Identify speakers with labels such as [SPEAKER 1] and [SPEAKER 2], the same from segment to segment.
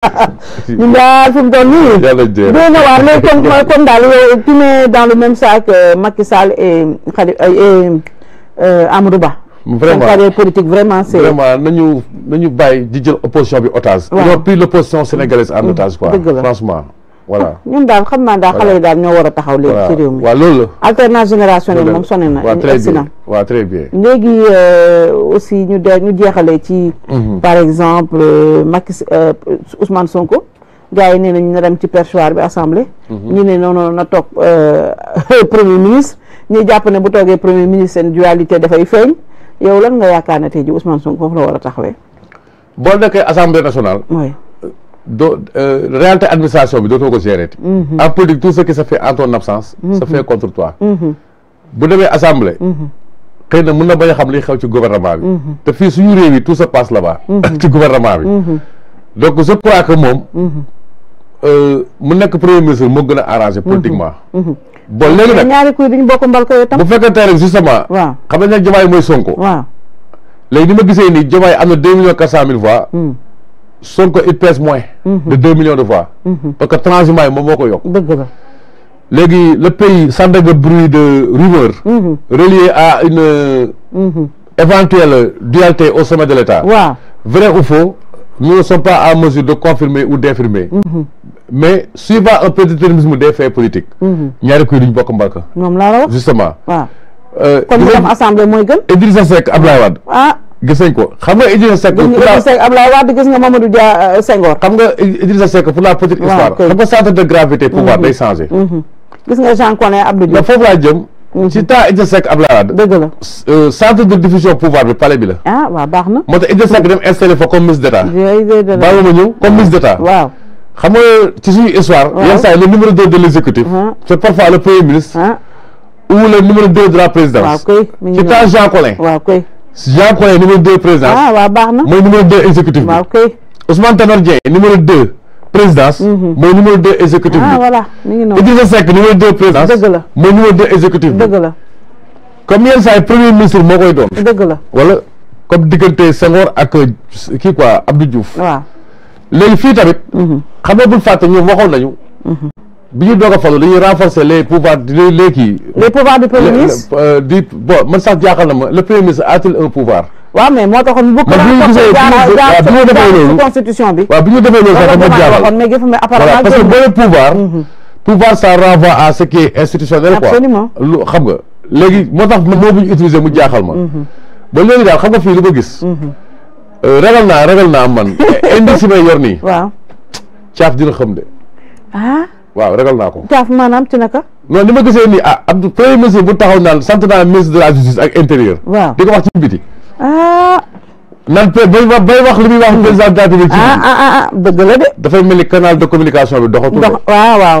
[SPEAKER 1] ñu ñaar fi mu toll nii. yàlla jërëjëf doy na waar mais comme comme daal yow tu mets dans le même sac euh, Macky Sall et Khali euh, et euh, Amadou Ba. vraiment carrière politique vraiment c'est vraiment nañu nañu bàyyi di jël opposition bi otage. waaw ils ont pris l'opposition sénégalaise en otage quoi franchement. voilà ñun daal xam naa daal xale yi daal ñoo war a taxaw léegi ci réew mi waaw loolu la alternance générationnelle moom sonné na si na waaw très bien euh, aussi ñu de ñu jeexalee ci mhm. par exemple euh, Macky euh, Ousmane Sonko gaa yi nee nañ na dem ci perchoir bi assemblée mhm. ñu ne noonu na toog premier ministre ñu jàpp ne bu toogee premier ministre seen dualité dafay feeñ yow lan nga yaakaar ne tey ji Ousmane Sonko foofu la war a taxawee boo nekkee assemblée nationale doo euh, réalité administration bi dootoo ko gérer. Mhm. en politique tout ce qui se fait en ton absence. se mhm. fait contre toi. Mhm. bu demee assemblée. xëy na mën na bañ a xam li xew ci gouvernement bi. te fii suñu réew yi tout se passe là-bas. ci gouvernement bi. donc je crois que moom. Euh, mu nekk premier ministre moo gën a arrangé politiquement. bon léegi nag ñaari kuy duñ bokk mbal ko tam. bu fekkee tey rek justement. xam ne Diomaye mooy Sonko. léegi ni ma gisee nii Diomaye Sonko il pèse moins. de 2 millions de voix. parce que transhumance yi moom moo le pays s'endègue bruit de rumeur. relié à une. Euh, éventuelle dualité au sommet de l'État. vrai ou faux nous ne sommes pas en mesure de confirmer ou d'infirmer. mais suivant un peu de déterminisme des faits politiques. ñaari kuy duñ bokk mbalka. justement. waaw euh, kon ñu dem assemblée gën. Idrissa Seck gis nañ ko xam nga Idrissa Seck. pour la gis gis nga Mamadou Dia euh, Senghor. xam nga Idrissa Seck pour la petite histoire. xam nga de mhm. mhm. gis nga Jean Collin Abdou Diouf. foofu laa jëm. ci mhm. temps Idrissa Seck Abdoulaye Wade. dëgg la euh, centre de diffusion pouvoir bi palais bi la. Ah, na. moo tax Idrissa Seck dem installé fa comme ministre d' état. bàyyi ma ñëw comme ministre nga ci suñu histoire. le numéro deux de l' exécutif. Ah. parfois le premier ministre. Ah. ou le numéro deux de la présidence. waaw koy Jean Collin. Jean Collin numéro 2 présidence. Ah, na mooy numéro 2 exécutif bi. waaw kay Ousmane Tanor Dieng numéro 2 présidence. Mhm. mooy numéro 2 exécutif bi. ah voilà mi ngi noonu Idrissa Seck numéro 2 présidence. dëgg la mooy numéro 2 exécutif bi. dëgg la comme yenn saa yi premier ministre moo koy doon. dëgg la wala diggante Senghor ak kii quoi Abdou Diouf. waaw léegi fii tamit. Mhm. xam nga bul fàtte ñoom na nañu. Mhm. biñu doga doog a dañuy renforcer les pouvoirs de les les pouvoirs de premier ministre. di bon man sax jaxal na ma le premier ministre a-t-il un pouvoir. wa mais mo taxon bu. man bi constitution bi. wa biñu defé defee loolu sax dama jaaxal mais mais apparemment parce que bon pouvoir. pouvoir ça renvoie à ce qui est institutionnel quoi. absolument xam nga légui mo tax mo buñu utiliser mu jaxal ma. ba légui dal xam nga fi lu ma gis. ragal na ragal na man indi si may yor nii. waaw dina xam de. ah. waaw ragal naa ko. jaaf maanaam ci naka. non ni ma gisee nii ah ab premier ministre bu taxaw naan sant naa ministre de la justice ak intérieur. waaw di ko wax ci biti. ah. naan bay bay wax li muy wax ah, président de la République. Ah, ah ah de. dafay mel ni canal de communication bi doxatul. dox waaw waaw.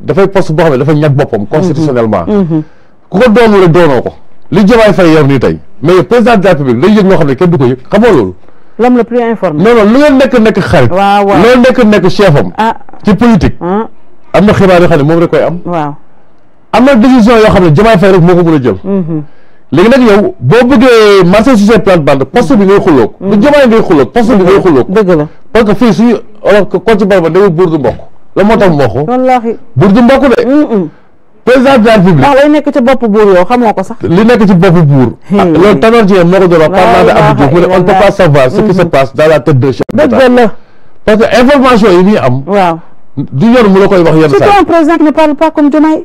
[SPEAKER 1] dafay poste boo xam ne dafa ñag boppam constitutionnellement ku ko doonul rek doonoo ko li Diomaye Faye yor nii tey mais président de la République yëg ñoo xam ne kenn du ko yëg xamoo loolu l'homme lu ngeen nekk nekk xarit waaw waaw loolu nekk nekk chef am ah. ci politique ah. am na xibaar yoo xam ne moom rek koy am waaw am na décision yoo xam ne Diomaye Faye rek moo ko mën a jël mm-hmm. léegi nag yow boo bëggee marché sur ses plates-bandes poste bi ngay xulloog bu mm-hmm. Diomaye ngay xulloog poste bi ngay xulloog dëgg la la moo tax mboq. wallaahi buur du mboq de. président de la république. ndax lay nekk ci bopp buur yow xamoo ko sax. li nekk ci bopp buur. Hmm. Ah, loolu Tanor Dieng moo ko doon wax parlant de Abdou Diouf mu ne on ne peut pas savoir ce qui mm-hmm. se la tête de chef d'État. dëgg la parce que information yi du yoon mu la koy wax yenn saa yi. président ne parle pas comme Diomaye.